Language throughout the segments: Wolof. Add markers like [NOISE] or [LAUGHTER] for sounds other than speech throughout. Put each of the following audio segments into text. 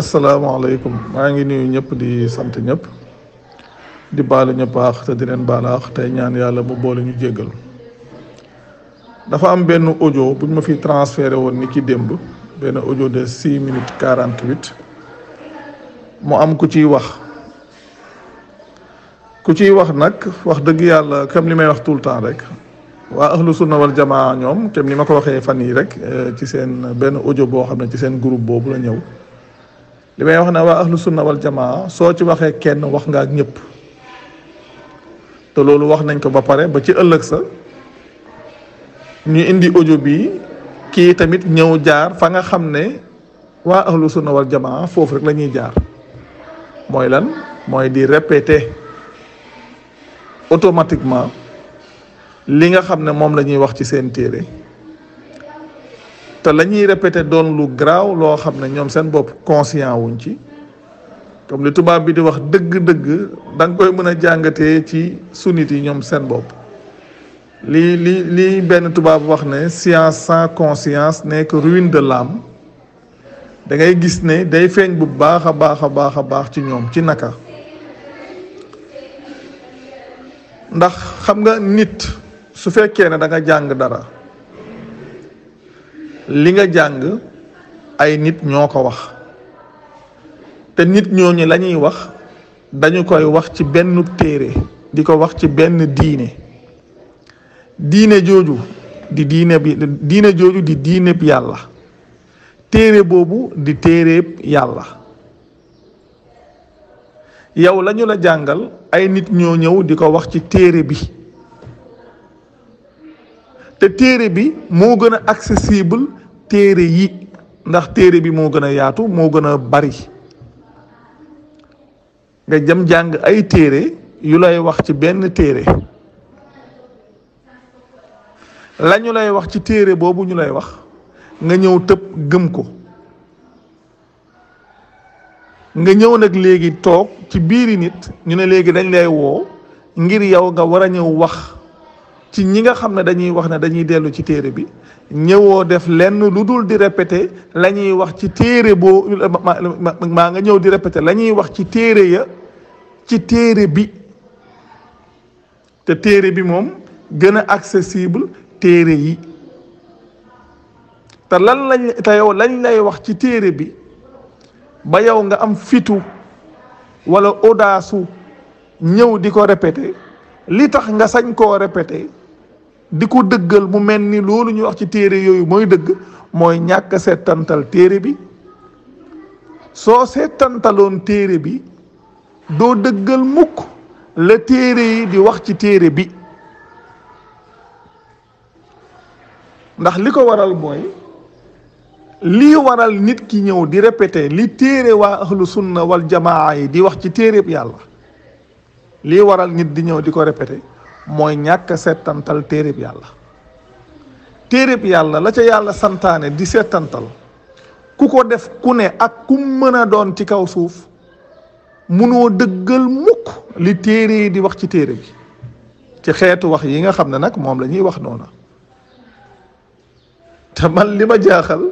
asalaamaaleykum maa ngi nuyu ñëpp di sant ñëpp di baalu ñëpp aax te di leen baal te tey ñaan yàlla mu boole ñu jéggal dafa am benn audio bu ñu ma fi transféré woon ni ki démb benn audio de six minutes quarante huit mu am ku ciy wax ku ciy wax nag wax dëgg yàlla comme li may wax tout le temps rek waa ahlu sunna wal jamaa ñoom comme ni ma ko waxee fan yi rek eh, ci seen benn ojo boo xam ne ci seen groupe boobu la ñëw li may wax na waa ahlu sunna wal jamaa soo ci waxee kenn wax nga ak ñëpp te loolu wax nañ ko ba pare ba ci ëllëg sa ñu indi audio bi kii tamit ñëw jaar fa nga xam ne waa ahlu sunna wal jamaa foofu rek lañuy jaar mooy lan mooy di répéter automatiquement li nga xam ne moom lañuy wax ci seen téere te lañuy répété doon lu graw loo xam ne ñoom seen bopp conscient wuñ ci comme li tubaab bi di wax dëgg-dëgg da nga koy mën a ci sunit yi ñoom seen bopp li li li benn tubaab wax ne science sans conscience n'est que ruine de l'âme da ngay gis ne day feeñ bu baax a baax a baax a baax ci ñoom ci naka ndax xam nga nit su fekkee ne da nga jàng dara li nga jàng ay nit ñoo ko wax te nit ñooñu la ñuy wax dañu koy wax ci benn téere di ko wax ci benn diine diine jooju di diine bi diine jooju di diine bi yàlla téere boobu di téereeb yàlla yow lañu la jàngal ay nit ñoo ñëw di ko wax ci téere bi te téere bi moo gën a accessible téere yi ndax téere bi moo gën a yaatu moo gën a bari nga jëm jàng ay téere yu lay wax ci benn téere la lay wax ci téere boobu ñu lay wax nga ñëw tëb gëm ko nga ñëw nag léegi toog ci biiri nit ñu ne léegi dañ lay woo ngir yow nga war a ñëw wax ci ñi nga xam ne dañuy wax ne dañuy dellu ci téere bi ñëwoo def lenn lu dul di répété la ñuy wax ci téere boo maa nga ñëw di répété la ñuy wax ci téere ya ci téere bi te téere bi moom gën a accessible téere yi te lan lañ te yow lañ lay wax ci téere bi ba yow nga am fitu wala audace ñëw di ko répété li tax nga sañ koo répété di ko dëggal mu mel ni loolu ñu wax ci téere yooyu mooy dëgg mooy ñàkk setantal téere bi soo seetantaloon téere bi doo dëggal mukk la téere yi di wax ci téere bi ndax li ko waral mooy lii waral nit ki ñëw di répété li téere waa ahlu sunna wal jamaa yi di wax ci téere bi yàlla lii waral nit di ñëw di ko répété mooy ñàkk settantal téereb yàlla téereb yàlla la ca yàlla santaane di setantal ku ko def ku ne ak ku mën a doon ci kaw suuf munoo dëggal mukk li téere di wax ci téere bi ci xeetu wax yi nga xam ne nag moom la ñuy wax noona te man li ma jaaxal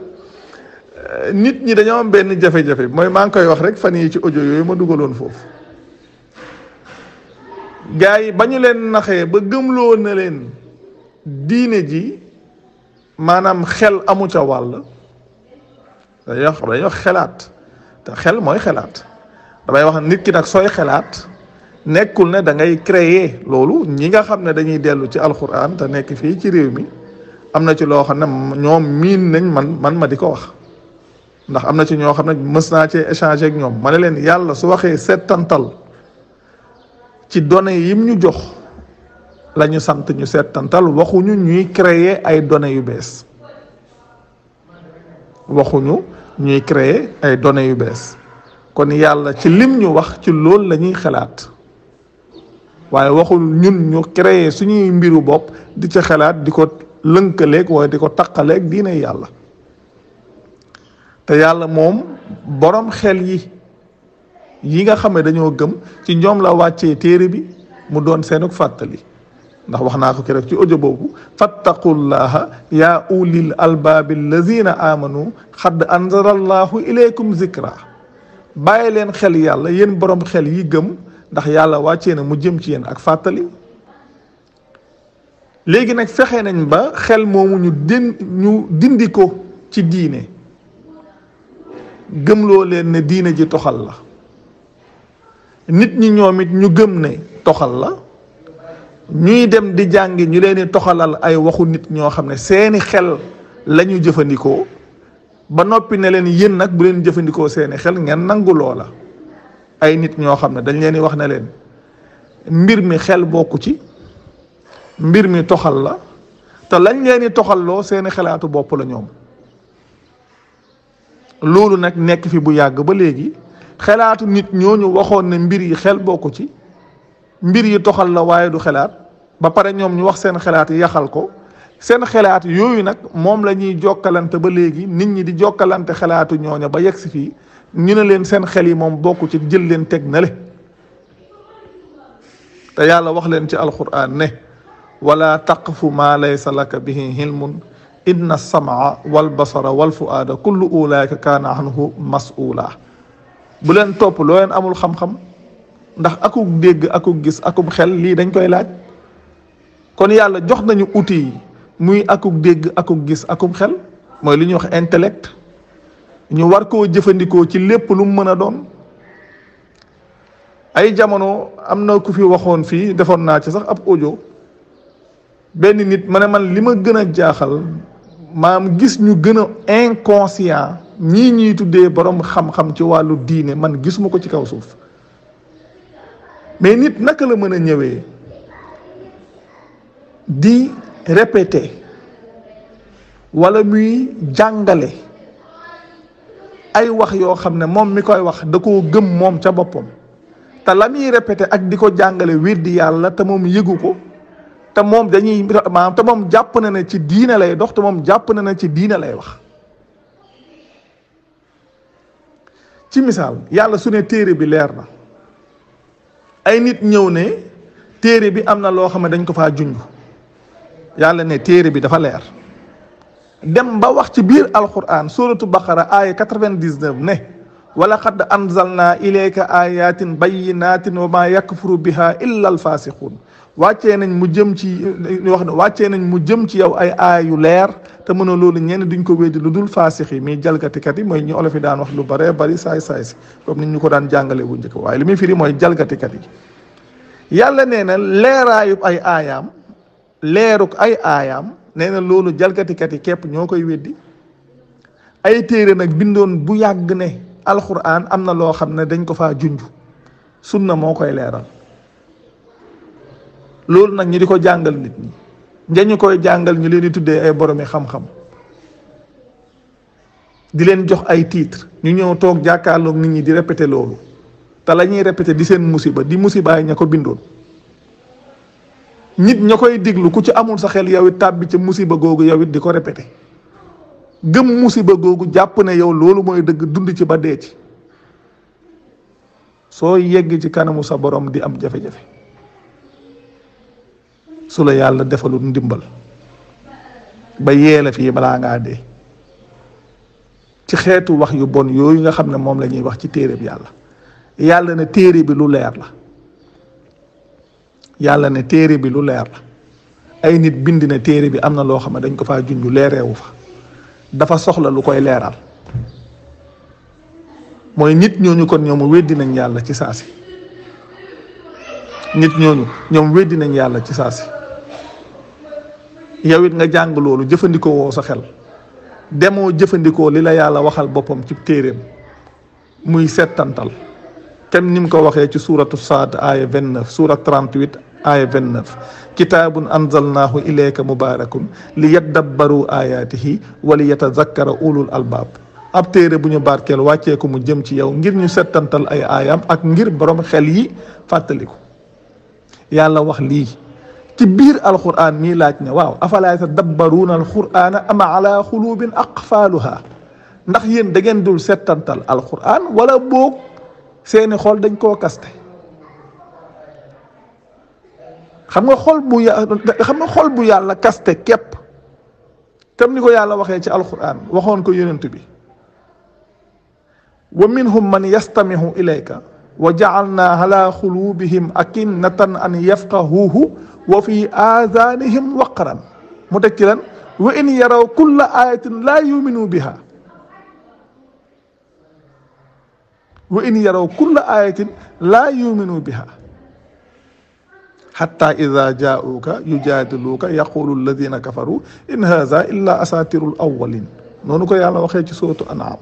eh, nit ñi dañoo am benn jafe-jafe mooy maa ngi koy wax rek fan yi ci ojo yooyu ma dugaloon foofu gaay bañu len naxé leen naxee ba gëmloo na len diine ji manam xel amu ca wal da wàll dañuy dañuy xelat ta xel moy xelat da bay wax nit ki nak soy xelat nekul ne da ngay créer loolu ñi nga xamne dañuy dellu ci alxuraan ta nek fi ci réew mi amna ci lo xamne ñom min nañ man man ma diko wax ndax amna ci ño xamne mësna ci échanger ak ñom mané len yàlla su waxé setantal ci données yim ñu jox lañu sant ñu seetantal waxuñu ñuy créer ay données yu bees waxuñu ñuy créer ay données yu bees kon yàlla ci lim ñu wax ci loolu la ñuy xalaat waaye waxul ñun ñu créer suñuy mbiru bopp di ca xalaat di ko lënkaleek waaye di ko taqaleeg diine yàlla te yàlla moom borom xel yi yi nga xam ne dañoo gëm ci ñoom la wàccee téere bi mu doon seenuk fàttali ndax wax naa ko ki rek ci ojo boobu fattaqullaha yaa ulil albaabi allazina amanu xadd anzarallahu ilaykum zikra bàyyi leen xel yàlla yéen borom xel yi gëm ndax yàlla wàccee na mu jëm ci yéen ak fàttali léegi nag fexe nañ ba xel moomu ñu ñu dindi ko ci diine gëmloo leen ne diine ji toxal la nit ñi ñoomit ñu gëm ne toxal la ñuy dem di jàngi ñu leen di toxalal ay waxu nit ñoo xam ne seeni xel la ñu jëfandikoo ba noppi ne leen yéen nag bu leen jëfandikoo seeni xel ngeen nangu loola ay nit ñoo xam ne dañ leen di wax ne leen mbir mi xel bokku ci mbir mi toxal la te lañ leen di toxalloo seeni xelaatu bopp la ñoom loolu nag nekk fi bu yàgg ba léegi خلات نيت نيو نيو واخون نمبيري خل بوكو تي مبيري توخال لا واي دو خلات با بار نيوم ني واخ سين خلات ياخال كو سين خلات يوي نك موم لا ني جوكالانت با ليغي نيت ني دي جوكالانت خلات نيو نيو با يكس في ني نا لين سين خلي موم بوكو تي جيل لين تك نالي تا يالا واخ لين تي القران نه ولا تقف ما ليس لك به علم إن السمع والبصر والفؤاد كل أولئك كان عنه مسؤولا bu leen topp loo leen amul xam-xam ndax akuk dégg akuk gis akub xel lii dañ koy laaj kon yàlla jox nañu uti muy akuk dégg akuk gis akub xel mooy li ñuy wax intellect ñu war koo jëfandikoo ci lépp lu mu mën a doon ay jamono am na ku fi waxoon fii defoon naa ci sax ab ojo benn nit ma ne man li ma gën a jaaxal maam gis ñu gën a inconscient ñii ñuy tuddee borom xam-xam ci wàllu diine man gisuma ko ci kaw suuf mais nit naka la mën a ñëwee di répéter walla muy jàngale ay wax yoo xam ne moom mi koy wax da ko gëm moom ca boppam te la muy répéter ak di ko jàngale weddi yàlla te moom yëgu ko te moom dañuy maanaam te moom jàpp na na ci diine lay dox te moom jàpp na na ci diine lay wax. ci misal yàlla suné téré bi lér na ay nit ñëw ne téré bi amna lo loo dañ ko fa junj yàlla ne téré bi dafa lér dem ba wax ci bir alquran suratu baqara aaya 99 ne wala qad anzalna ilayka ayatin bayyinatin wama yakfuru biha illa alfasiqun wàcce nañ mu jëm ci wax ne wàccee nañ mu jëm ci yow ay aayu leer te mën a loolu ñenn duñ ko weddi lu dul faasix yi muy jalgatikat yi mooy ñu olof daan wax lu bare bari saay saay si comme ni ñu ko daan jàngalee bu njëkk waaye li muy firi mooy jalgatikat yi yàlla nee na leeraayub ay aayaam leeruk ay aayaam nee na loolu jalgatikat yi képp ñoo koy weddi ay téere nag bindoon bu yàgg ne alxuraan am na loo xam ne dañ ko faa junj na moo koy leeral. loolu nag ñi di ko jàngal nit ñi njañu koy jàngal ñu leen di tuddee ay boromi xam-xam di leen jox ay titre ñu ñëw toog jàkkaarlook nit ñi di répété loolu te la ñuy répété di seen musiba di musibaay ña ko bindoon nit ña koy diglu ku ci amul sa xel yow it tàbbi ca musiba googu yow it di ko répété gëm musiba googu jàpp ne yow loolu mooy dëgg dund ci ba dee ci soo yegg ci kanamu sa borom di am jafe-jafe su yàlla defalul ndimbal ba yela fi bala nga de ci xetu wax yu bon yoy nga xamne mom lañuy wax ci tereb bi yàlla yàlla ne tere bi lu leer la yàlla ne tere bi lu leer la ay nit bind ne téere bi amna lo xamne dañ ko fa junj leereewu fa dafa soxla lu koy leral moy nit ñooñu kon ñoom weddi nañ yàlla ci saasi nit ñooñu ñoom weddi nañ yàlla ci saasi yow it nga jàng loolu jëfandikoo woo sa xel demoo jëfandikoo li la yàlla waxal boppam ci téeréem muy settantal kem ni mu ko waxee ci suuratu saad aaya 29 suura 38 aaya 29 kitaabun anzalnaahu ilayka mubaarakun li yaddabbaru aayaatihi wa li yatazakkara ulul albaab ab téere bu ñu barkeel wàccee ko mu jëm ci yow ngir ñu settantal ay aayam ak ngir borom xel yi fàttaliku yàlla wax lii ci biir alquran nii laaj ne waaw afalaa yatadabbaruuna alqur'ana am ala xuluubin aqfaaluha ndax yéen da ngeen dul setantal alquran wala bok seeni xol dañ ko kaste xam nga xol bu ya xam nga xol bu yàlla kaste kep tam ni ko yàlla waxé ci alquran waxon ko yonent bi wa minhum man yastamihu ilayka وجعلنا على قلوبهم أكنة أن يفقهوه وفي آذانهم وقرا متكلا وإن يروا كل آية لا يؤمنوا بها وإن يروا كل آية لا يؤمنوا بها حتى إذا جاءوك يجادلوك يقول الذين كفروا إن هذا إلا أساطير الأولين نونك يالا الله سورة أنعام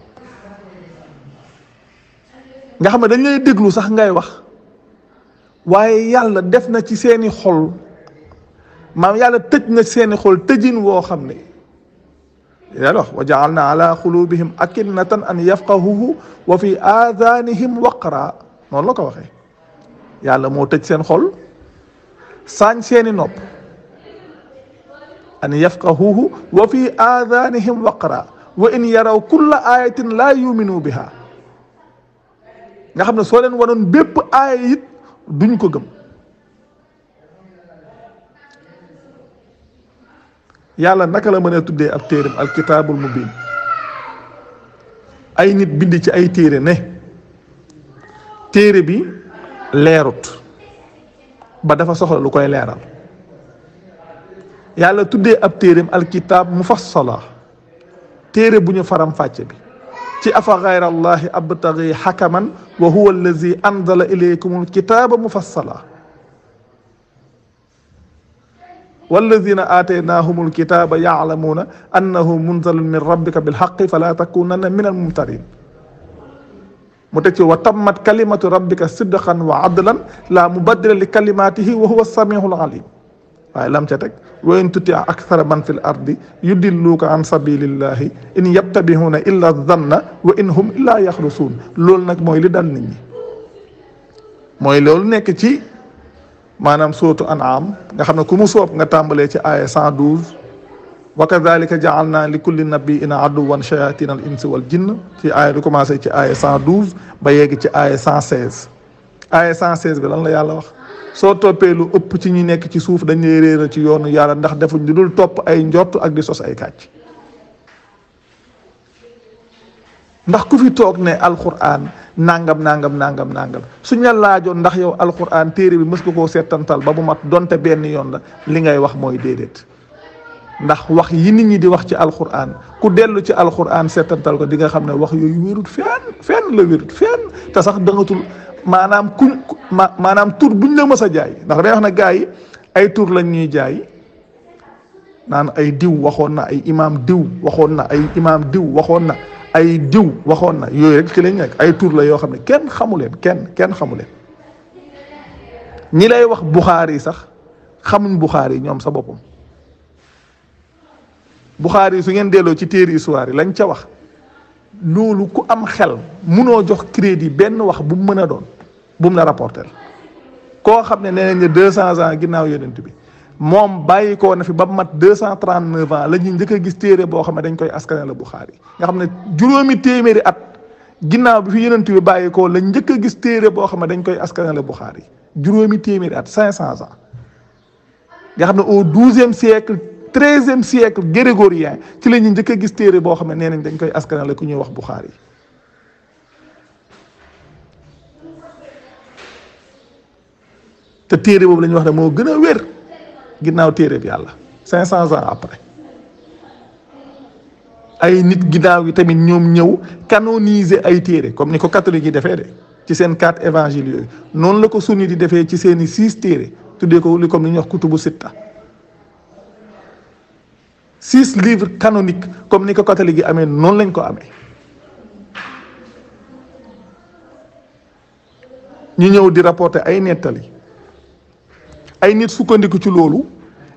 nga xam ne dañ lay déglu sax ngay wax waaye yàlla def na ci seeni xol maam yàlla tëj na seeni xol tëjin woo xam ne yàlla wax wa jaalna ala xulubihim akinnatan an yafqahuhu wa fi aadanihim waqra noonu la ko waxee yàlla moo tëj seen xol sañ seeni nopp an yafqahuhu wa fi aadanihim waqra wa in yaraw kulla ayatin la yuminu biha nga xamne so len leen bépp ay yit duñ ko gëm yàlla naka la meune tuddé ab téeram al kitabul mubin ay nit bind ci ay téré ne téré bi leerut ba dafa soxla lu koy léral yàlla tuddé ab téeram al kitab mufassala téré buñu faram fàcce bi ci afa ghayra allah abtaghi hakaman wa huwa allazi anzala ilaykum alkitaba والذين آتيناهم الكتاب يعلمون أنه منزل من ربك بالحق فلا تكونن من الممترين متكي وتمت كلمة ربك صدقا وعدلا لا مبدل لكلماته وهو السميع العليم waaye lam ca teg wa in tuti akthara man fi l ardi yudilluuka an sabilillahi in yabtabihuuna illa zanna wa in hum illaa yaxrusuun loolu nag mooy li dal nit ñi mooy loolu nekk ci maanaam sootu an'am nga xam ne ku mu soob nga tàmbalee ci aaya 112 wa kadalika jaalna li kulli nabiin aduwan shayatin al insi wal jinn ci aaya lu commencé ci aaya 112 ba yegg ci aaya 116 aaya 116 bi lan la yàlla wax Soto topé lu upp ci ñi nekk ci suuf dañ lay réer ci yoonu yàlla ndax defuñ lu dul topp ay njort ak di sos ay kàcc ndax ku fi toog ne alquran nangam nangam nangam nangam suñ la laajoon ndax yow alquran téere bi mës ko koo seetantal ba bu mat donte benn yoon la li ngay wax mooy déedéet ndax wax yi nit ñi di wax ci alquran ku dellu ci alquran seetantal ko di nga xam ne wax yooyu wérut fenn fenn la wérut fenn te sax dangatul maanaam kuñ maanaam tur buñ la mës a jaay ndax day wax ne gars yi ay tur lañ ñuy jaay naan ay diw waxoon na ay imaam diw waxoon na ay imaam diw waxoon na ay diw waxoon na yooyu rek ci lañ nekk ay tur la yoo xam ne kenn xamu leen kenn kenn xamu leen ñi lay wax Buxaari sax xamuñ Buxaari ñoom sa boppam Buxaari su ngeen delloo ci téere histoire yi lañ ca wax loolu ku am xel munoo jox crédit benn wax bu mu mën a doon bu mu la rapporter koo xam ne nee nañ deux cent ans ginnaaw yonent bi moom bàyyi ko na fi ba mat deux cent trente neuf ans la ñuy njëkk a gis téere boo xam ne dañ koy askane la Buxaari nga xam ne juróomi téeméeri at ginnaaw bi fi yonent bi bàyyi ko njëkk a gis téere boo xam ne dañ koy askane la Buxaari juróomi téeméeri at cinq cent ans nga xam ne au douzième siècle treizième siècle grégorien ci la ñu njëkk a gis téere boo xam ne dañ koy askanale ku ñuy wax Buxaari te téere boobu la ñuy wax ne moo gën a wér ginnaaw téere bi àlla cinq cent ans après ay nit ginnaaw yi tamit ñoom ñëw canoniser ay téere comme ni ko catholique yi defee de ci seen quatre évangiles yooyu noonu la ko sunni di defee ci seen i six téere tuddee ko li comme ni ñuy wax kutubu sitta six livres canoniques comme ni ko catholique yi amee noonu lañ ko amee ñu ñëw di rapporter ay nettali ay nit sukkandiku ci loolu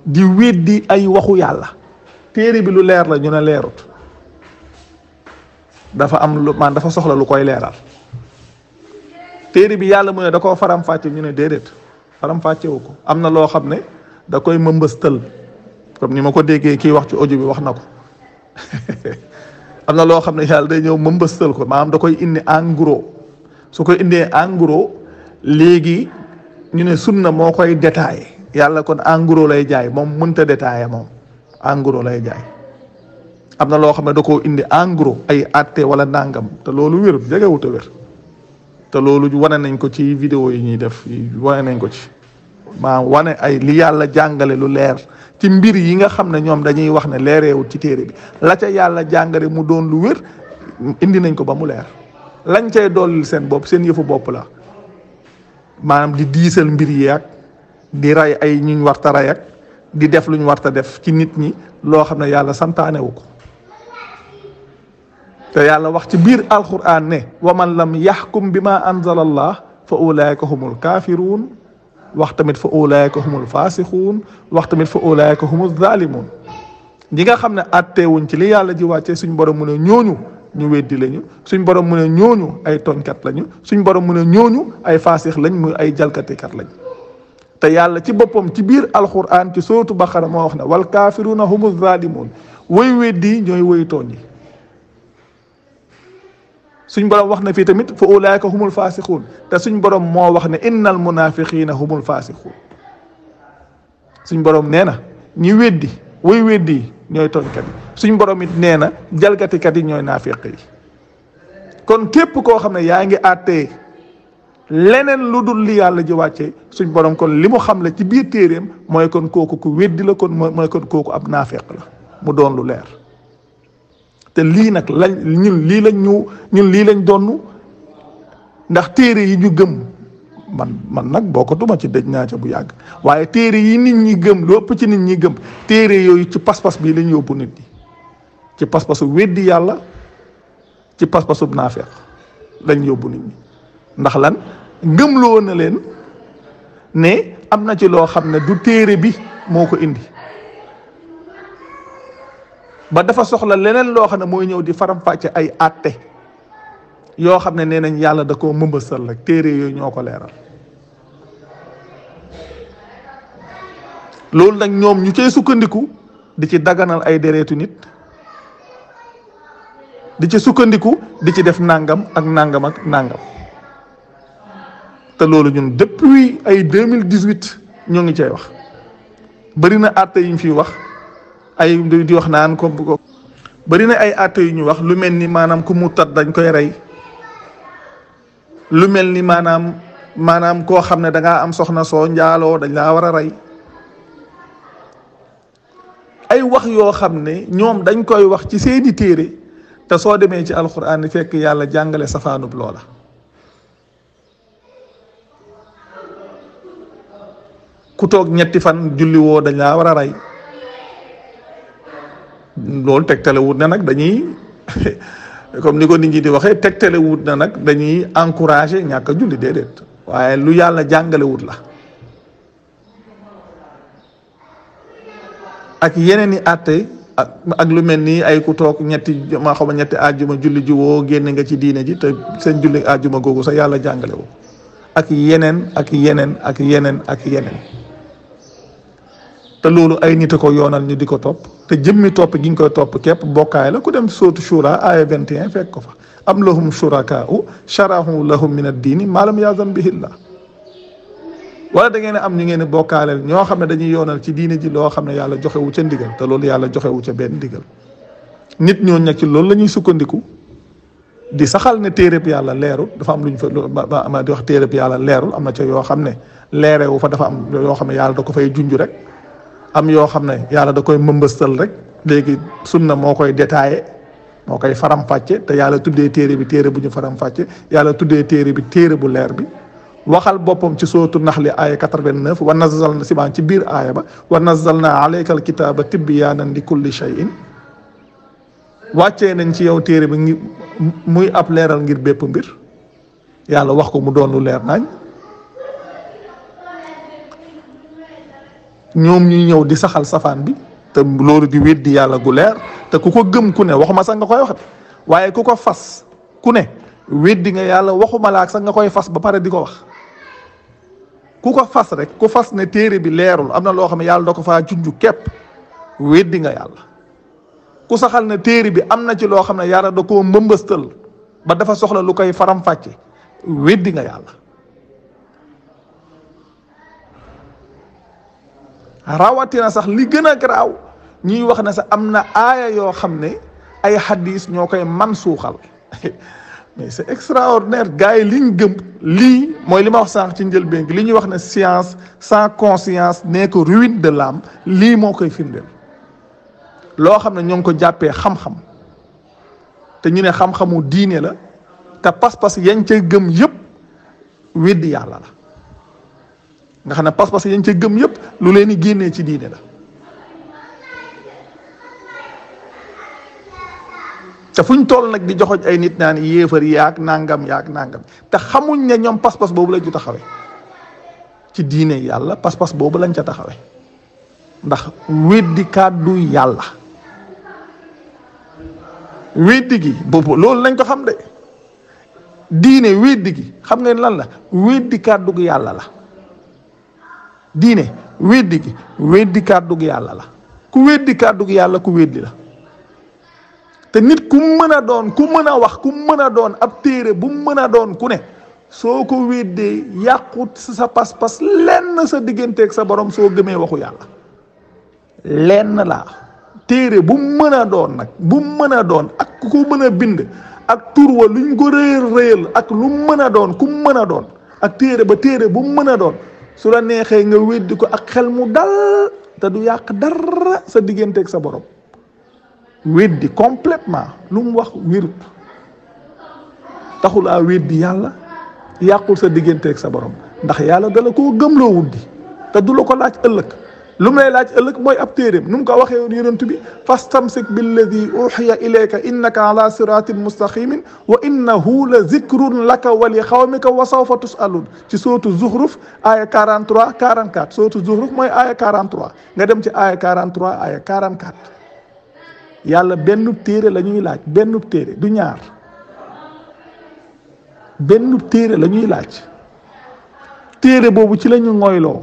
di weddi ay waxu yàlla téere bi lu leer la ñu ne leerut dafa am lu dafa soxla lu koy leeral téere bi yàlla mu ne da koo faramfàcce ñu ne déedéet faram-fàccewu ko am na loo xam ne da koy mëmbëstal comme ni ma ko déggee kii wax ci ojo bi wax na ko [LAUGHS] am na loo xam ne yàlla day ñëw mëmbëstal ko maam da koy indi en gros su koy indee en léegi ñu ne sunna moo koy détaillé yàlla kon en lay jaay moom mënta détaillé moom en lay jaay am na loo xam ne da koo indi en ay atte wala nangam te loolu wér jegewut loolu wane nañ ko ci vidéo yi ñuy def wane nañ ko ci maanaam wane ay li yàlla jàngale lu leer ci mbir yi nga xamne ñom dañuy wax ne wu ci téré bi la ca yalla jangare mu doon lu wër indi nañ ko ba mu leer lañ cey dolul seen bop seen yëfu bop la manam di diisel mbir yi ak di ray ay ñuñ warta ray ak di def luñ warta def ci nit ñi lo xamne yalla santane santaanewu ko te wax ci bir alquran ne wa lam yahkum bima anzalallah allah fa ulaika humul kafirun wax tamit fa ulaayka humul faasixuun wax tamit fa ulaayka humul zaalimuun ñi nga xam ne àtteewuñ ci li yàlla ji wàccee suñ borom mu ne ñooñu ñu weddi lañu suñ borom mu ne ñooñu ay tooñkat lañu suñ borom mu ne ñooñu ay faasix lañ muy ay jalkatikat lañ te yàlla ci boppam ci biir alquran ci sóotu baqara moo wax ne wal kaafiruuna humu zaalimuun way weddi ñooy way tooñ yi suñ borom wax na fi tamit fa ulaayka humul fasikhun ta suñ borom mo wax ne innal munafiqina humul fasikhun suñ borom neena ñi weddi way weddi ñoy ton kat suñ borom it neena jalgati kat ñoy nafiqi kon kep ko xamne ne yaa ngi àttee leneen li yàlla ji wacce suñ borom kon limu mu xam la ci biir téeréem moy kon koku ku weddi la kon moy kon koku ab nafiq la mu doon lu leer te lii nag lañ ñun lii lañ ñu ñun lii lañ donn ndax téere yi ñu gëm man man nag bokkatuma ci dëj naa ca bu yàgg waaye téere yi nit ñi gëm lu ëpp ci nit ñi gëm téere yooyu ci pas-pas bii lañ yóbbu nit ñi ci pas-pasu weddi yàlla ci pas-pasu naafeq lañ yóbbu nit ñi ndax lan gëm loo na leen ne am na ci loo xam ne du téere bi moo ko indi ba dafa soxla leneen loo xam ne mooy ñëw di faram-fàcce ay àtte yoo xam ne nee nañ yàlla da koo mëmbasal rek téere yooyu ñoo ko leeral loolu nag ñoom ñu cay sukkandiku di ci daganal ay deretu nit di ci sukkandiku di ci def nangam ak nangam ak nangam te loolu ñun depuis ay deux mille dix-huit ñoo ngi cay wax bari na àtte yi ñu fiy wax. ay di wax naan ko ko bari na ay àtte yu ñu wax lu mel ni maanaam ku mu dañ koy rey lu mel ni maanaam maanaam koo xam ne da am soxna soo njaaloo dañ laa war a rey ay wax yoo xam ne ñoom dañ koy wax ci seeni téere te soo demee ci alxuraan fekk yàlla jàngale safaanub loola ku toog ñetti fan julli woo dañ laa war a rey loolu tegtale wut na nak dañuy [LAUGHS] comme ni ko nit ñi di waxee tegtale wut na nak dañuy encouragé ñàkk a julli déedéet waaye lu yàlla jàngale wut la ak yenen ni àtte ak ak lu mel ni ay ku toog ñetti maa xam ñetti àjjuma julli ji woo génn nga ci diine ji te seen julli àjjuma googu sax yàlla jàngale woo ak yenen ak yenen ak yenen ak te loolu ay nit ko yoonal ñu di ko topp te jëmmi topp gi nga koy topp képp bokkaay la ku dem sot shura aaya 21 fekk ko fa am lahum shurakaa'u sharahu lahum min ad-diini maa lam yazam bihillah wala da ngeen am ñu ngeen bokkaaleel ñoo xam ne dañuy yoonal ci diine ji loo xam ne yàlla joxewu ca ndigal te loolu yàlla joxewu ca benn ndigal nit ñoo ñag ci loolu la ñuy sukkandiku di saxal ne téereb yàlla leerul dafa am lu ñu fa di wax téereb yàlla leerul am na ca yoo xam ne leerewu fa dafa am yoo xam ne yàlla da ko fay junj rek am yoo xam ne yàlla da koy mëmbëstal rek léegi na moo koy détaillé moo koy faram-fàcce te yàlla tuddee téere bi téere bu faram-fàcce yàlla tuddee téere bi téere bu leer bi waxal boppam ci sootu naxli aaya 89 wa nazal na siban ci biir aaya ba wa nazal na alayka al kitaaba tibyaanan li kulli shay'in wàcce nañ ci yow téere bi muy ab leeral ngir bépp mbir yàlla wax ko mu doon leer nañ ñoom ñuy ñëw di saxal safaan bi te loolu di weddi yàlla gu leer te ku ko gëm ku ne waxuma sax nga koy wax waaye ku ko fas ku ne weddi nga yàlla waxuma laa sax nga koy fas ba pare di ko wax ku ko fas rek ku fas ne téere bi leerul am na loo xam ne yàlla da ko faa junj képp weddi nga yàlla ku saxal ne téere bi am na ci loo xam ne yàlla da koo mbëmbëstal ba dafa soxla lu koy faram-fàcce weddi nga yàlla rawatina sax li gën a garaaw ñuy wax na sax am na aaya yoo xam ne ay xaddis ñoo koy man suuxal [LAUGHS] mais c'est extraordinaire gars yi liñ gëm lii mooy li ma wax sànq ci njëlbéen gi li ñuy wax ne science sans conscience n'est que ruine de l'âme lii moo koy firndeel loo xam ne ñoo ngi ko jàppee xam-xam te ñu ne xam-xamu diine la te pas-pas yañ ca gëm yëpp weddi yàlla la nga xam pass pas yeen ci gem gëm lu leen ni génnee ci diine la ta fuñ toll nak di joxoj ay nit naan yéfer yaak nangam yaak nangam ta xamuñ ne ñom pas-pas bobu la ju taxawé ci diine yalla pas-pas bobu lañ ca taxawé ndax weddi kàddu yalla weddi gi bobu loolu lañ ko xam de diine weddi gi xam ngeen lan la weddi yalla la diine weddi gi weddi kàddug yàlla la ku weddi kàddug yàlla ku weddi la te nit ku mën a doon ku mën a wax ku mën a doon ab téere bu mën a doon ku ne soo ko weddee yàqut sa pas-pas lenn sa digganteeg sa borom soo gëmee waxu yàlla lenn laa téere bu mën a doon nag bu mën a doon ak ku ko mën a bind ak turwa lu ñu ko réyal réyal ak lu mën a doon ku mën a doon ak téere ba téere bu mën a doon su la neexee nga weddi ko ak xel mu dal te du yàq dara sa digganteek sa borom weddi completement lu mu wax wérut taxul a weddi yàlla yàqul sa digganteeg sa borom ndax yàlla dala koo gëmloo wuddi te du la ko laaj ëllëg lu mu lay laaj ëllëg mooy ab téeréem nu mu ko waxee woon yonent bi fastamsik billadi uxiya ilayka innaka ala siratin mustaqimin wa innahu la zikrun laka wa li xawmika wa sawfa tusalun ci sootu zuhruf aya 43 44 sootu zuhruf mooy aya 43 nga dem ci aya 43 aya 44 yàlla bennub téere la ñuy laaj bennub téere du ñaar bennub téere la ñuy laaj téere boobu ci la ñu ngoyloo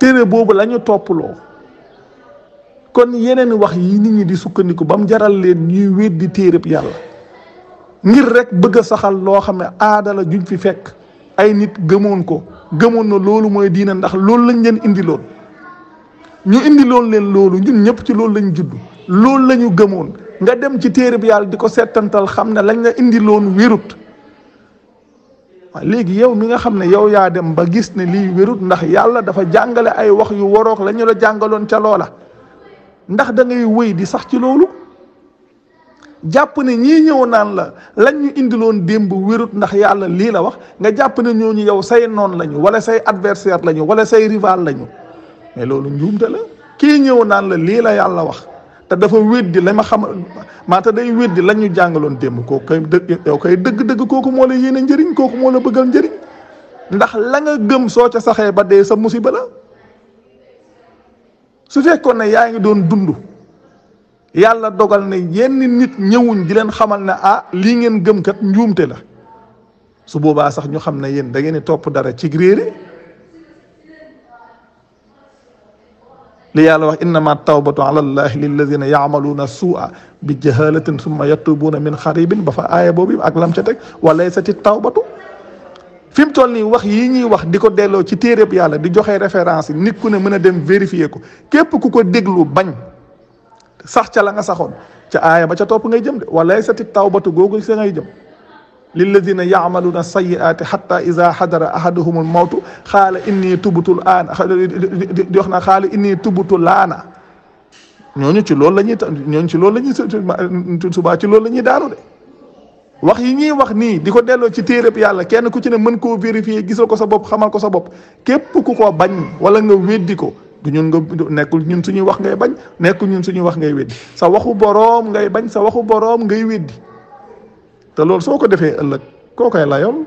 téré bobu lañu top lo kon yeneen wax yi nit ñi di sukkandiku bam jaral leen ñuy weddi téeréb yàlla ngir rek bëgg a saxal loo xam ne aada la juñ fi fekk ay nit gëmoon ko gëmoon na loolu mooy diina ndax loolu lañ leen indi loon ñu indi loon leen loolu ñun ñëpp ci loolu lañ judd loolu lañu gëmoon nga dem ci yàlla di ko settantal xam ne lañ la indi loon wérut légui yow mi nga xamné yow ya dem ba gis né li wérut ndax yalla dafa jàngale ay wax yu worok la la jàngaloon ca lola ndax da ngay wëy di sax ci lolu japp né ñi ñëw naan la lañu indi lon démb wérut ndax yalla li la wax nga né ñoo ñu yow say non lañu wala say adversaire lañu wala say rival lañu mais ñoom da la ki ñëw naan la li la yalla wax te dafa weddi la ma xam maa day weddi lañ ñu jàngaloon démb kooku kay dëgg yow dëgg-dëgg kooku moo la yéene njëriñ kooku moo la bëggal njëriñ ndax langa gëm soo ca saxee ba dee sa musiba la su fekkoon ne yaa ngi doon dund yàlla dogal ne yenn nit ñëwuñ di leen xamal ne ah lii ngeen gëm kat njuumte la su boobaa sax ñu xam ne yéen da ngeen topp dara ci ليالا وخ انما التوبه على الله للذين يعملون السوء بجهاله ثم يتوبون من قريب بفا ايه بوبي اك لام تيك وليست التوبه فيم تولني وخ يي ني وخ ديكو ديلو سي تيريب يالا دي جوخي ريفرنس نيت كو نه دم فيريفيي كو كيب كو ديغلو باج صح تا لاغا ساخون تا ايه با تا توب غاي جيم دي وليست التوبه غوغل سي غاي جيم lilladina yacmaluuna sayiaati xata ida xadara ahaduhum al mawtu xaala inni tubtul aan di wax naa xaala inni tubtu laana ñooñu ci loolu la ta ñooñu ci loolu la ñuy subaa ci loolu la ñuy daanu de wax yi ñuy wax nii di ko delloo ci bi yàlla kenn ku ci ne mën koo vérifier gisal ko sa bopp xamal ko sa bopp képp ku ko bañ wala nga weddi ko du ñun nga nekkul ñun suñuy wax ngay bañ nekkul ñun su suñuy wax ngay weddi sa waxu boroom ngay bañ sa waxu boroom ngay weddi te loolu soo ko defee ëllëg koo koy layool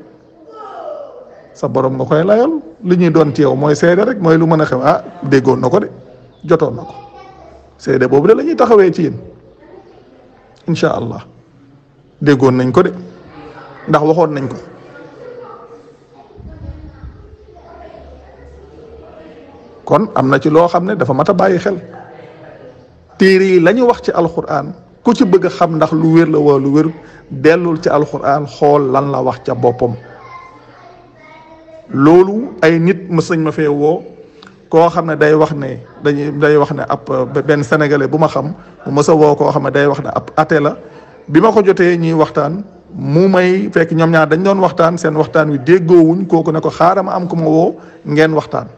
sa borom nga koy layool li ñuy doon ci yow mooy seede rek mooy lu mën a xew ah déggoon na ko de jotoon na ko seede boobu de la ñuy taxawee ci yéen allah déggoon nañ ko de ndax waxoon nañ ko kon am na ci loo xam ne dafa mat a bàyyi xel téere yi la wax ci alxuraan ku ci bëgg a xam ndax lu wér la wala lu wérul dellul ci alxuraan xool lan la wax ca boppam loolu ay nit mësañ ma fee woo koo xam ne day wax ne dañuy day wax ne ab benn sénégalais bu ma xam mu mës woo koo xam ne day wax ne ab athée la bi ma ko jotee ñuy waxtaan mu may fekk ñoom ñaar dañ doon waxtaan seen waxtaan wi déggoowuñ kooku ne ko xaaral ma am ko ma woo ngeen waxtaan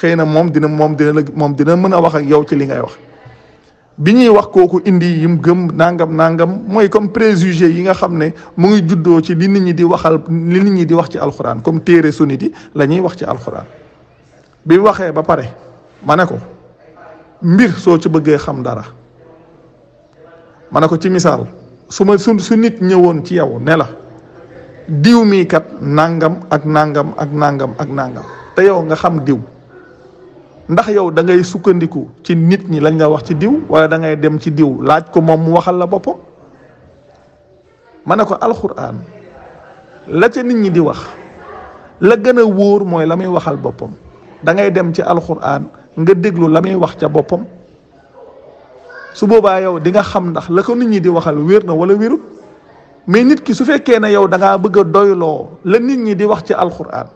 xëy na moom dina moom dina la moom dina mën a wax ak yow ci li ngay wax. bi ñuy wax kooku indi yim gëm nangam nangam mooy comme préjugé yi nga xam ne mu ngi juddoo ci li nit ñi di waxal li nit ñi di wax ci alxuraan comme téere sunnit yi la ñuy wax ci alxuraan bi waxee ba pare ma ne ko mbir soo ci bëggee xam dara ma ne ko ci misaal su ma su su nit ñëwoon ci yow ne la diw mii kat nangam ak nangam ak nangam ak nangam te yow nga xam diw. ndax yow da ngay sukkandiku ci nit ñi lañ nga wax ci diw wala da ngay dem ci diw laaj ko moom mu waxal la boppam ma ne ko alxuraan la ca nit ñi di wax la gën a wóor mooy la muy waxal boppam da ngay dem ci alxuraan nga déglu la muy wax ca boppam su boobaa yow di nga xam ndax la ko nit ñi di waxal wér na wala wérut mais nit ki su fekkee ne yow danga ngaa bëgg a doyloo la nit ñi di wax ci alxuraan.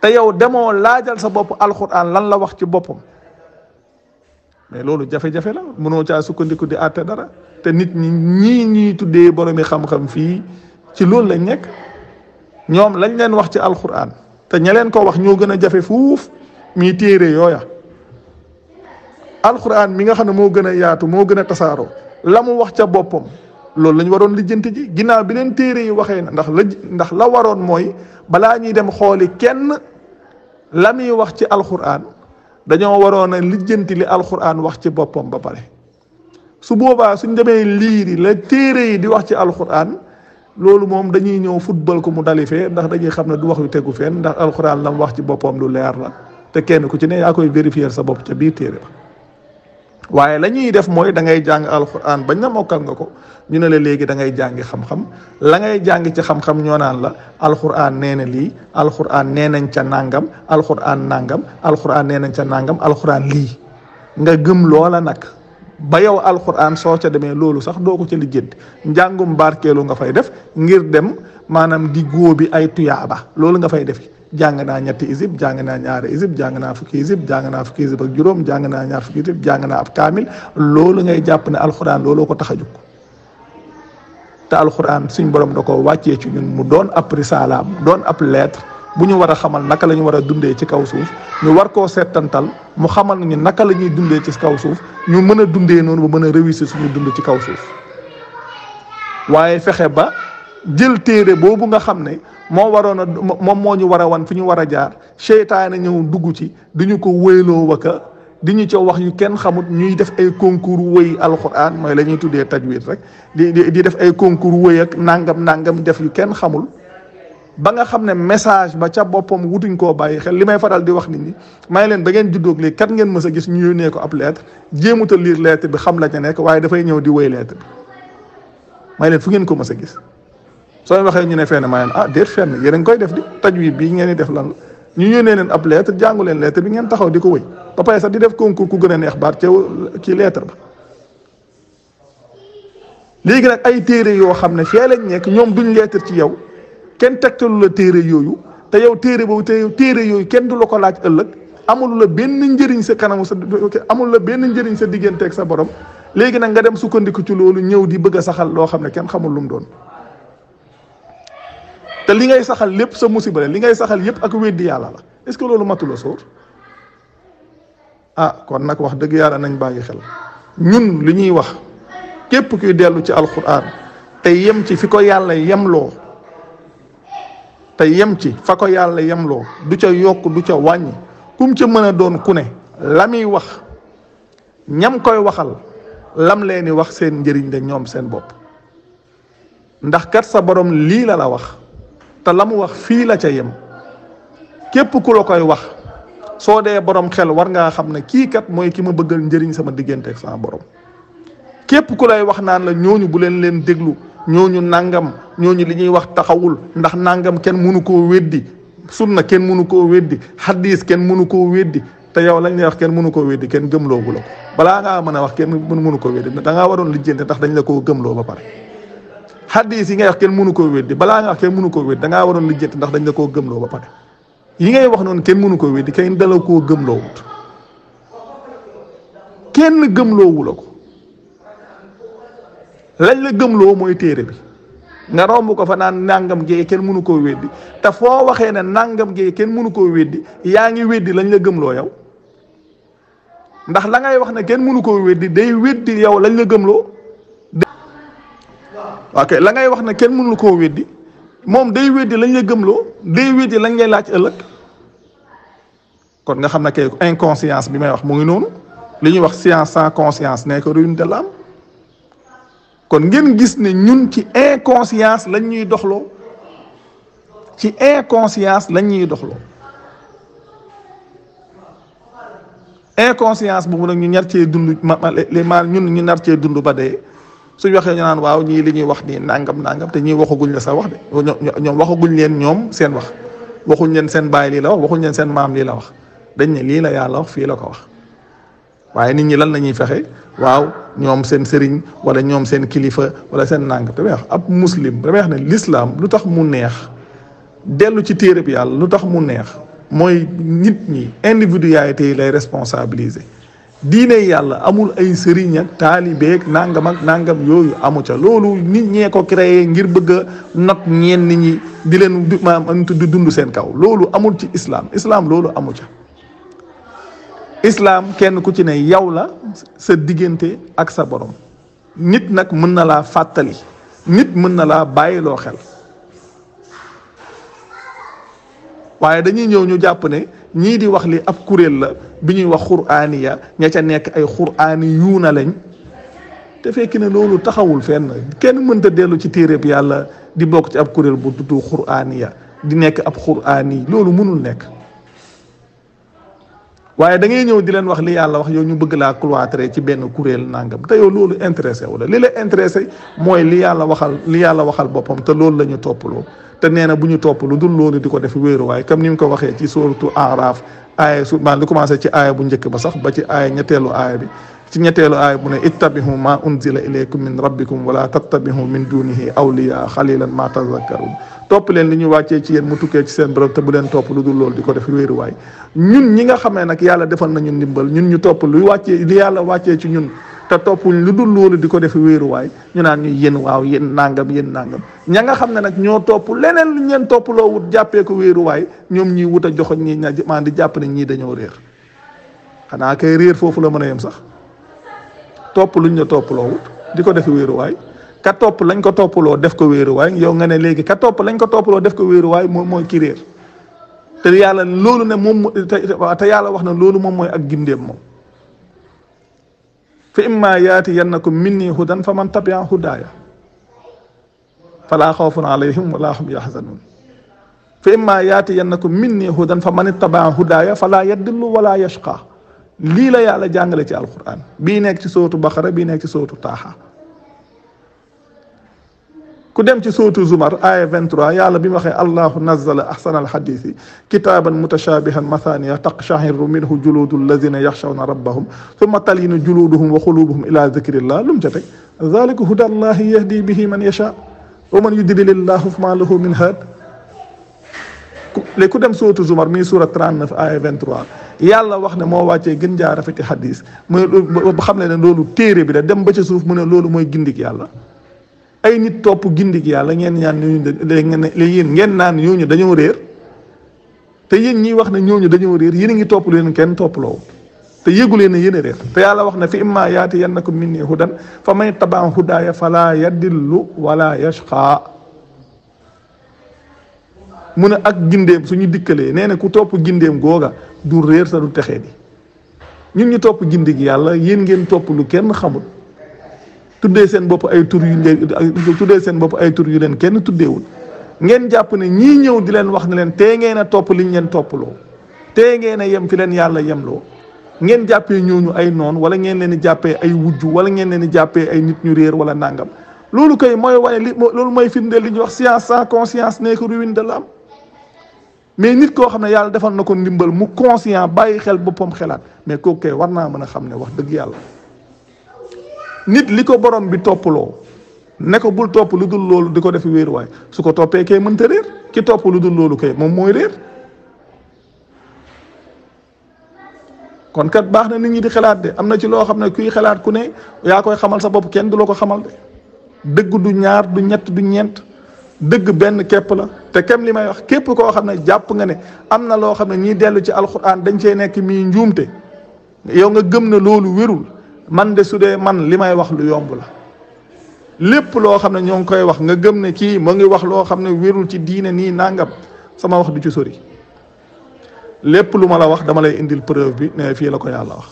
te yow lajal laajal sa bop alquran lan la wax ci boppam mais lolu jafe-jafe la mëno caa sukkandiku di até dara te nit ñi ñi tuddé borom mi xam-xam fi ci lolu lañ nek ñom lañ leen wax ci alquran te ñaleen ko wax ñoo gëna jafé jafe fuuf mi téere yooya mi nga xam ne moo yaatu mo gëna tasaro lamu wax ca loolu lañ waroon lijjanti ji ginnaaw bi leen téere yi waxee ndax la ndax la waroon mooy balaa ñuy dem xooli kenn la muy wax ci alxuraan dañoo waroon a lijjanti li alxuraan wax ci boppam ba pare. su boobaa suñ demee liiri la téere yi di wax ci alxuraan loolu moom dañuy ñëw football ko mu dalifee ndax dañuy xam ne du wax yu tegu fenn ndax alxuraan la mu wax ci boppam lu leer la te kenn ku ci ne yaa koy vérifier sa bopp ca biir téere ba. waaye la ñuy def mooy da ngay jàng alxuraan bañ na mokkal nga ko ñu ne la léegi da ngay jàngi xam-xam la ngay jàng ci xam-xam ñoo naan la alxuraan nee na lii alxuraan nee nañ ca nangam alxuraan nangam alxuraan nee nañ ca nangam alxuraan lii nga gëm loola nag ba yow alxuraan soo ca demee loolu sax doo ko ca lijjanti njàngum barkeelu nga fay def ngir dem maanaam di góobi ay tuyaaba loolu nga fay defi jàng naa ñetti isib jàng naa ñaari isib jàng naa fukki isib jàng naa fukki isib ak juróom jàng naa ñaar fukki isib jàng naa ab kaamil loolu ngay jàpp ne alxuraan looloo ko tax a jóg te alxuraan suñ borom da ko wàccee ci ñun mu doon ab risaalaam doon ab lettre bu ñu war a xamal naka la ñu war a dundee ci kaw suuf ñu war koo seetantal mu xamal ñu naka la ñuy dundee ci kaw suuf ñu mën a dundee noonu ba mën a réussir suñu dund ci kaw suuf waaye fexe ba. jël téere boobu nga xam ne moo waroon a moom moo ñu war a fi ñu war a jaar seytaane ñëw dugg ci di ñu ko wéyloo ka di ñu ca wax yu kenn xamut ñuy def ay concours wëy alquran mooy la ñuy tuddee tajwid rek di di def ay concours wëy ak nangam nangam def yu kenn xamul ba nga xam ne message ba ca boppam wutuñ koo bàyyi xel li may faral di wax nit ñi may leen ba ngeen juddoog léegi kat ngeen mës a gis ñu yónnee ko ab lettre jéemuta lire lettre bi xam la ca nekk waaye dafay ñëw di woy lettre bi may leen fu ngeen ko mës a gis soo waxee ñu ne fenn maa ah déet fenn yéen koy def di tajwid bii ngeen di def lan la ñu yónnee leen ab lettre jàngu leen lettre bi ngeen taxaw di ko wëy ba pare sax di def concours ku gën a neex baat ca ci lettre ba. léegi nag ay téere yoo xam ne fee lañ nekk ñoom duñ lettre ci yow kenn tegtalu la téere yooyu te yow téere boobu te téere yooyu kenn du la ko laaj ëllëg amul la benn njëriñ sa kanamu sa amul la benn njëriñ sa digganteeg sa borom léegi nag nga dem sukkandiku ci loolu ñëw di bëgg a saxal loo xam ne kenn xamul lu mu doon. te li ngay saxal lépp sa musiba la li ngay saxal yépp ak weddi yàlla la est ce que loolu matula sóor ah kon nag wax dëgg yàlla nañ bàyyi xel ñun li ñuy wax képp kuy dellu ci alquran te yem ci fi ko yàlla yemloo te yem ci fa ko yàlla yemloo du ca yokk du ca kum ca mën a doon ku ne la muy wax ñam koy waxal lam leeni wax seen njëriñ de ñoom seen bopp ndax kat sa borom lii la la wax te la mu wax fii la ca yem képp ku la koy wax soo dee borom xel war ngaa xam ne kii kat mooy ki ma bëggal njëriñ sama diggante ak sama borom képp ku lay wax naan la ñooñu bu leen leen déglu ñooñu nangam ñooñu li ñuy wax taxawul ndax nangam kenn mënu koo weddi sunna kenn mënu koo weddi hadis kenn mënu koo weddi te yow lañ lay wax ken munu ko weddi kenn gëmloogu la ko balaa ngaa mën a wax kenn mënu koo weddi da ngaa ndax dañ la ko gëmloo ba pare. xadis yi ngay wax kenn mënu koo weddi balaa nga wax kenn mënu koo weddi da ngaa waroon lijjanti ndax dañ la koo gëmloo ba yi ngay wax noonu kenn mënu koo weddi kenn dala koo gëmloo wut kenn gëmloowu la ko lañ la gëmloo mooy téere bi nga romb ko fa naan nangam gee kenn mënu koo weddi te foo waxee ne nangam gee kenn mënu koo weddi yaa ngi weddi lañ la gëmloo yow ndax la ngay wax ne kenn mënu koo weddi day weddi yow lañ la gëmloo waaw kay la ngay wax ne kenn mënul koo weddi moom day weddi lañ lay gëmloo day weddi lañ lay laaj ëllëg kon nga xam ne kay inconscience bi may wax mu ngi noonu li ñuy wax science sans conscience nekk ruine de l'âme kon ngeen gis ne ñun ci inconscience lañ ñuy doxloo ci inconscience lañuy ñuy doxloo inconscience boobu nag ñu ñar cee dund ma ñun ñu nar cee dund ba dee. suñ waxee ñu naan waaw ñii li ñuy wax nii nangam nangam te ñii waxaguñ la sa wax de leen ñoom seen wax waxuñ leen seen baay lii la wax waxuñ leen seen maam lii la wax dañ ne lii la yàlla wax fii la ko wax waaye nit ñi lan la ñuy fexe waaw ñoom seen sëriñ wala ñoom seen kilifa wala seen nangam damay wax ab muslim damay wax ne lislaam lu tax mu neex dellu ci téereb yàlla lu tax mu neex mooy nit ñi individualité yi lay responsabiliser diine yàlla amul ay sëriñ ak taalibeeg nangam nangam yooyu amu ca loolu nit ñee ko créé ngir bëgg a not ñenn ñi di leen maam am di dund seen kaw loolu amul ci islaam islaam loolu amu ca islam kenn ku ci ne yow la sa diggante ak sa borom nit nag mën na laa fàttali nit mën na laa bàyyiloo xel waaye dañuy ñëw ñu jàpp ne ñii di wax li ab kuréel la bi ñuy wax xuraaniya ña ca nekk ay xuraani yuuna lañ te fekk ne loolu taxawul fenn kenn mënta dellu ci téereb yàlla di bokk ci ab kuréel bu tudd xuraaniya di nekk ab xuraani loolu mënul nekk waaye da ngay ñëw di leen wax li yàlla wax yow ñu bëgg laa cloîtrer ci benn kuréel nangam te yow loolu intéressé wu la li la intéressé mooy li yàlla waxal li yàlla waxal boppam te loolu lañu ñu toppaloo te nee na bu ñu topp lu dul loolu di ko def wéeruwaay comme ni mu ko waxee ci sóoratu Aaraaf ci aaya bu njëkk ba sax ba ci aaya ñetteelu aaya bi ci ñetteelu aaya bu ne ittabihu ma unzila ilaykum min rabbikum wala tattabihu min topp leen li ñu wàccee ci yéen mu tukkee ci seen borom te bu leen topp lu dul di ko def wéeruwaay ñun ñi nga xamee nag yàlla defal nañu ndimbal ñun ñu topp lu wàccee li yàlla wàccee ci ñun te toppuñ lu dul di ko def wéeruwaay ñu naan ñuy yéen waaw yéen nangam yéen nangam ña xam ne nag ñoo topp leneen lu ñeen topp loo wut jàppee ko wéeruwaay ñoom ñii wut a joxoñ ñi ñaaj maan di jàpp ne ñii dañoo xanaa kay réer foofu la mën a yem sax topp luñ la topp di ko def wéeruwaay ka topp lañ ko toppaloo def ko wéeruwaay yow nga ne léegi ka topp lañ ko toppaloo def ko weeruwaay moom mooy ki réer te yàlla loolu ne moom te yàlla wax na loolu moom mooy ak gindeem moom فإما ياتي ينكم مني هدى فمن تبع هدايا فلا خوف عليهم ولا هم يحزنون فإما ياتي ينكم مني هدى فمن تبع هدايا فلا يدل ولا يشقى لي لا يعلى jàngale القرآن بينك سورة nekk بينك سورة طه ku dem ci sotu zumar aya 23 yàlla bima mu allah allahu ahsan al hadith kitaban mutashabihan mathaniya taqshahiru minhu juludu allazina yakhshawna rabbahum thumma talinu juluduhum wa xulubuhum ila dhikrillah lum jate zalika teg huda allahi yahdi bihi man yasha wa man yudlilillahu fama lahu min had léegi ku dem sotu zumar mi sura 39 aya 23 yàlla wax ne moo wàccee gën jaa rafeti hadith mo xam ne ne tere bi da dem ba ci suuf mo ne loolu moy gindik yàlla ay nit topp gindik yàlla ngeen ñaan ñooñu la yéen ngeen naan ñooñu dañoo réer te yéen ñiy wax ne ñooñu dañoo réer yéen a ngi topp leen kenn toppaloo te yéegu leen ne yàlla wax na fi imma yaati yannakum minni hudan fa may tabaan hudaaya fala yadillu wala yashqa mu ne ak gindeem suñu dikkalee nee na ku topp gindeem googa du réer sa du texee di ñu topp gindik yàlla yéen ngeen topp lu kenn xamul tuddee seen bopp ay tur yu leen tuddee seen bopp ay tur yu leen kenn tuddeewul ngeen jàpp ne ñii ñëw di leen wax ne leen tee ngeen a topp liñ leen topploo tee ngeen a yem fi leen yàlla yem loo ngeen jàppee ñooñu ay noon wala ngeen leen di jàppee ay wujj wala ngeen leen di jàppee ay nit ñu réer wala nàngam loolu koy mooy wane loolu mooy firndeel li ñuy wax science sans conscience nekk ruine de l'âme mais nit koo xam ne yàlla defal na ko ndimbal mu conscient bàyyi xel boppam xelaat mais kooku kay war naa mën a xam ne wax dëgg yàlla nit li ko borom bi toppaloo ne ko bul topp lu dul loolu di ko def wéeruwaay su ko toppee ke mënta réer ki topp lu dul loolu kay moom mooy réer kon kat baax na nit ñi di xalaat de am na ci loo xam ne kuy xalaat ku ne yaa koy xamal sa bopp kenn du la ko xamal de dëgg du ñaar du ñett du ñeent dëgg benn képp la te kem li may wax képp koo xam ne jàpp nga ne am na loo xam ne ñii dellu ci alxuraan dañ cee nekk mii njuumte yow nga gëm na loolu wérul man de su dee man li may wax lu yomb la lépp loo xam ne ñoo ngi koy wax nga gëm ne kii mu ngi wax loo xam ne wérul ci diine nii nangam sama wax du ci sori lépp lu ma la wax dama lay indil preuve bi ne fii la ko yàlla wax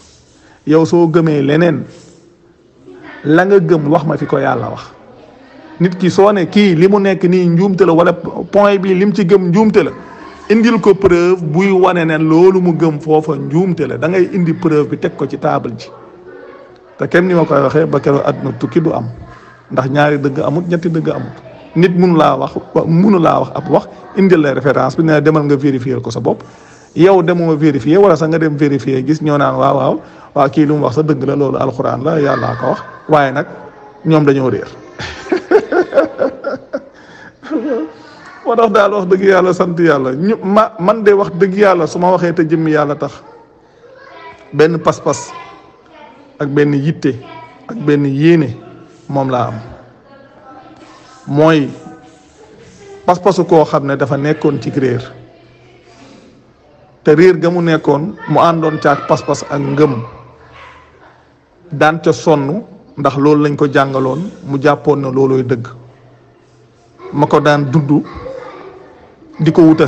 yow soo gëmee leneen la nga gëm wax ma fi ko yàlla wax nit ki soo ne kii li mu nekk nii njuumte la wala point bi lim ci gëm njuumte la indil ko preuve buy wane nen loolu mu gëm foofa njuumte la dangay indi preuve bi teg ko ci table ji te kenn ni ma koy waxee ba keroog àdduna tukki du am ndax ñaari dëgg amut ñetti dëgg amut nit mënu laa wax mënu laa wax ab wax indil la référence bi ne demal nga vérifier ko sa bopp yow demoo vérifier wala sax nga dem vérifier gis ñoo naan waaw waaw waa kii lu mu wax sa dëgg la loolu alxuraan la yàllaa ko wax waaye nag ñoom dañoo réer [LAUGHS] moo tax daal wax dëgg yàlla sant yàlla ñu ma man de wax dëgg yàlla su ma waxee te jëmmi yàlla tax benn pas-pas ak ben yitte ak ben yene mom la am moy pas passu ko xam dafa nekkon ci réer te gamu nekkon mu andon ci ak pass pas-pas ak ngëm daan ca sonn ndax loolu lañ ko jangalon, mu jàppoon na loolooy dëgg di ko wut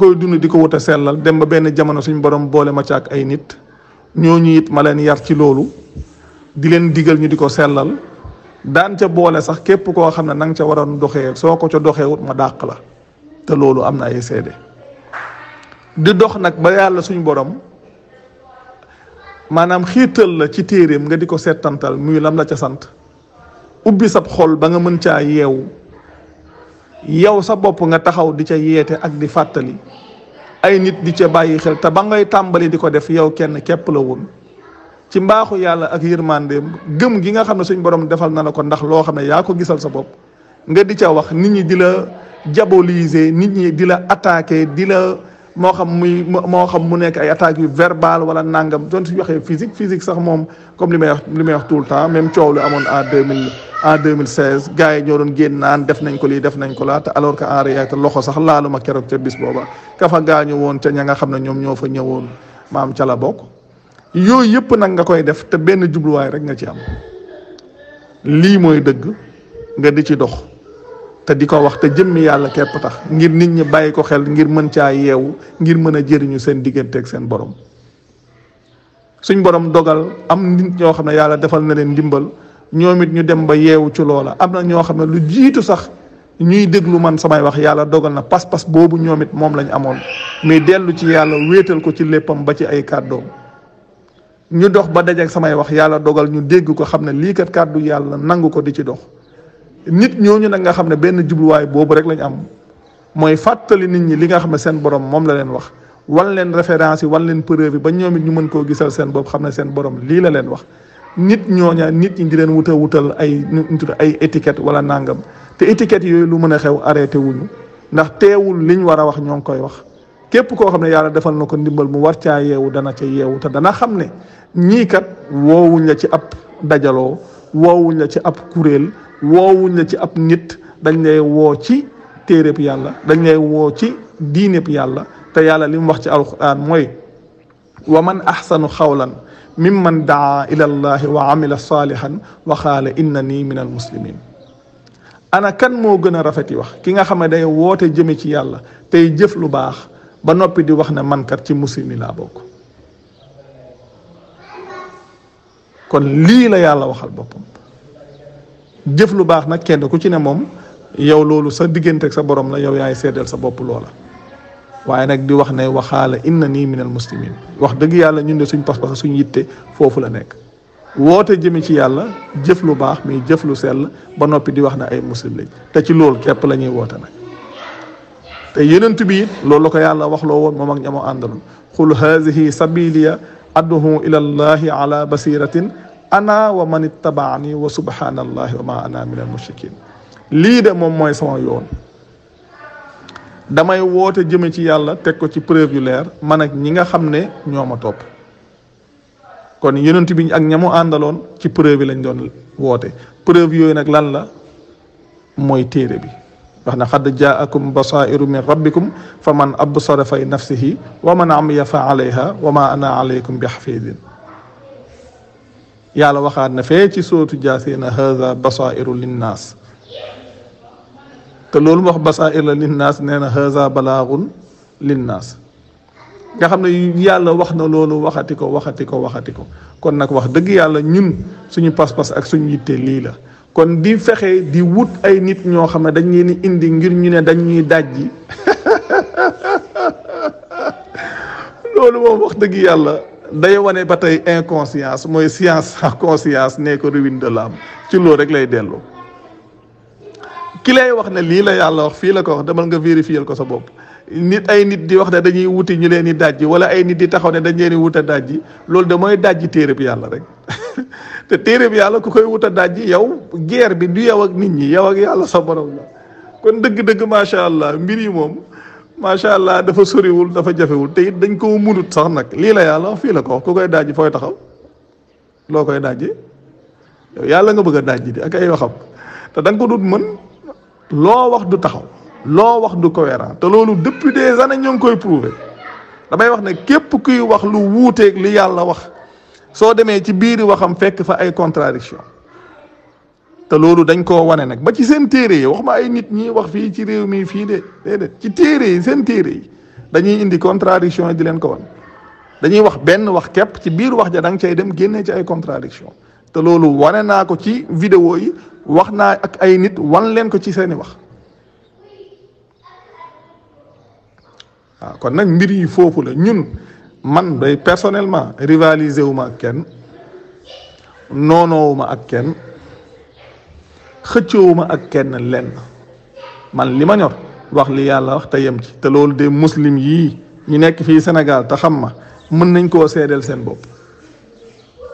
koy dund di wuta selal, dem ba ben jamono suñu borom bolé ma ak ay nit ñooñu it ma leen yar ci loolu di leen digal ñu di ko sellal daan ca boole sax képp koo xam ne na nga ca waroon doxee soo ko ca doxeewut ma dàq la te loolu am na ay seede di dox nag ba yàlla suñu borom maanaam xiital la ci téeréem nga di ko settantal muy lam la ca sant ubbi sab xol ba nga mën caa yeewu yow sa bopp nga taxaw di ca yeete ak di fàttali ay nit di ca bàyyi xel te ba ngay tàmbali di ko def yow kenn képp la woon ci mbaaxu yàlla ak yërmandeem gëm gi nga xam ne suñ borom defal na la ko ndax loo xam ne yaa ko gisal sa bopp nga di ca wax nit ñi di la diaboliser nit ñi di la attaquer di la. moo xam muy moo xam mu nekk ay attaques yu verbal wala nangam doon suñu waxee physique physique sax moom comme li may wax li may wax le temps même coow lu amoon en deux mille en yi ñoo doon génn naan def nañ ko lii def nañ ko laa te alors que en réalité loxo sax laaluma keroog ca bis booba ka fa gaañu woon ca ña nga xam ne ñoom ñoo fa ñëwoon maam ca la bokk yooyu yëpp nag nga koy def te benn jubluwaay rek nga ci am lii mooy dëgg nga di ci dox. te kau wax te jëmmi yalla kep tax ngir nit ñi bayiko ko xel ngir mën ca yew ngir mëna jëriñu seen digënté ak seen borom suñ borom dogal am nit ñoo xamne yalla defal na leen dimbal ñoomit ñu dem ba yeewu ci loola am na ñoo xamne lu jitu sax ñuy déglu man samay wax yalla dogal na pas-pas bobu ñoomit mom lañ amon mais wetel ci yalla wétal ko ci leppam ba ci ay cadeau ñu dox ba ak samay wax yalla dogal ñu dégg ko xamne li kat cadeau yalla nangu ko di ci dox nit ñooñu nag nga xam ne benn jubluwaay boobu rek lañ am mooy fàttali nit ñi li nga xam ne seen borom moom la leen wax wan leen référence yi wan leen preuve yi ba ñoom it ñu mën koo gisal seen bopp xam ne seen borom lii la leen wax nit ñooña nit ñi di leen wutal wutal ay ay étiquette wala nangam te étiquette yooyu lu mën a xew arrêté wuñu ndax teewul liñ war a wax ñoo ngi koy wax képp koo xam ne yàlla defal na ko ndimbal mu war caa yeewu dana ca yeewu te dana xam ne ñii kat woowuñ la ci ab dajaloo woowuñ la ci ab kuréel woowuñ la ci ab nit dañ lay woo ci téereb yàlla dañ lay woo ci diineb yàlla te yàlla li wax ci al alquran mooy wa man axsanu xawlan mimman daa ila allahi wa amila saalihan wa qaala innani min al muslimin ana kan moo gën a rafet yi wax ki nga xam ne day woote jëme ci yàlla tey jëf lu baax ba noppi di wax na mankat ci muslim yi laa bokk kon lii la yàlla waxal boppam jëf lu baax nak kenn ku ci ne mom yow lolu sa digënté ak sa borom la yow yaay sédel sa bop lola waye nak di wax ne waxaala inna nii minal muslimin wax deug yàlla ñun de sun pass pas-pas suñ yitte fofu la nek wote jëmi ci yàlla jëf lu baax mi jëf lu sel ba nopi di wax na ay muslim lañ te ci loolu képp lañuy ñuy nak te yenent bi lolu ko yàlla wax lo won mom ak ñamo andalun xul haadihi sabiliya adhu ila allah ala basiratin ana wa man ittabaani wa subhanallahi wa ma ana min al mushrikin lii de moom mooy sama yoon damay woote jëme ci yàlla teg ko ci preuve yu leer man ak ñi nga xam ne ñoo ma topp kon yonent bi ak ñamu àndaloon ci preuve yi lañ doon woote preuve yooyu nag lan la mooy téere bi wax na xad jaakum basairu min rabbikum fa man absara fay nafsihi wa man amiya fa alayha wa ma ana alaykum bi xafidin yàlla waxaat na fee ci sootu jaasina haza basairu linnaas te loolu wax basair la linnaas nee na haza balaagun linnaas nga xam ne yàlla wax na loolu waxati waxatiko waxatiko kon nag wax dëgg yàlla ñun suñu pas-pas ak suñu yitte lii la kon di fexe di wut ay nit ñoo xam ne dañ leen indi ngir ñu ne dañ ñuy dajji [LAUGHS] loolu moom wax dëgg yàlla day wane batay inconscience moy science sans [LAUGHS] conscience ne ko ruine de l'âme ci lo rek lay dellu ki lay wax ne li la yalla wax fi la ko wax demal nga vérifier ko sa bop nit ay nit di wax ne dañuy wuti ñu leen ni dajji wala ay nit di taxaw ne dañ leen ni wuta dajji terapi de moy dajji téré bi yalla rek [LAUGHS] te téré bi yalla ku koy wuta dajji yow guerre bi du yow ak nit ñi yow ak yalla sa borom la kon deug ma sha allah mbiri mom macha allah dafa soriwul dafa jafewul te it dañ ko munut sax nag lii la yàlla fii la ko wax ku koy dajji fooy taxaw loo koy dajji yow yàlla nga bëgg a dajji di ak ay waxam te da nga ko dut mën loo wax du taxaw loo wax du cohérent te loolu depuis de années ñoo ngi koy prouver damay wax ne képp kuy wax lu wuuteeg li yàlla wax soo demee ci biiri waxam fekk fa ay contradiction te loolu dañ koo wane nag ba ci seen téere yi wax ma ay nit ñi wax fii ci réew mi fii de ci téere yi seen téere yi dañuy indi contradiction yi di leen ko wan dañuy wax benn wax képp ci biir wax ja da nga cay dem génnee ci ay contradiction te loolu wane naa ko ci vidéo yi wax naa ak ay nit wan leen ko ci seeni wax waaw kon nag mbir yi foofu la ñun man day personnellement rivaliser wu ak kenn noonoowuma ak kenn xëccoowuma ak kenn lenn man li ma ñor wax li yàlla wax te yem ci te loolu de muslim yii ñu nekk fii Sénégal te xam ma mën nañ koo seedeel seen bopp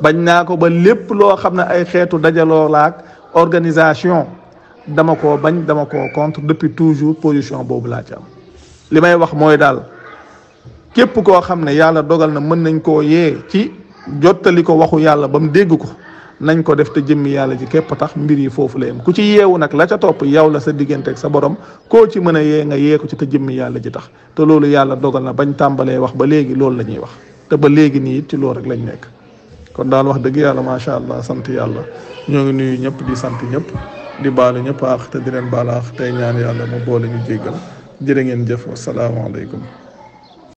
bañ naa ko ba lépp loo xam ne ay xeetu dajaloo laak organisation dama ko bañ dama koo contre depuis toujours position boobu laa ci am li may wax mooy daal képp koo xam ne yàlla dogal na mën nañ koo yee ci jottali ko waxu yàlla ba mu dégg ko nañ ko def te jëmmi yàlla ji képp tax mbir yi foofu la yem ku ci yeewu nag la ca topp yow la sa diggante ak sa borom koo ci mën a yee nga yee ci te jëmmi yàlla ji tax te loolu yàlla dogal na bañ tàmbalee wax ba léegi loolu la ñuy wax te ba léegi nii it ci loolu rek lañ nekk kon daal wax dëgg yàlla macha allah sant yàlla ñoo ngi nuyu ñëpp di sant ñëpp di baalu ñëpp aax te di leen baal te ñaan yàlla mu boole ñu jéggal jërë ngeen jëf wasalaamaaleykum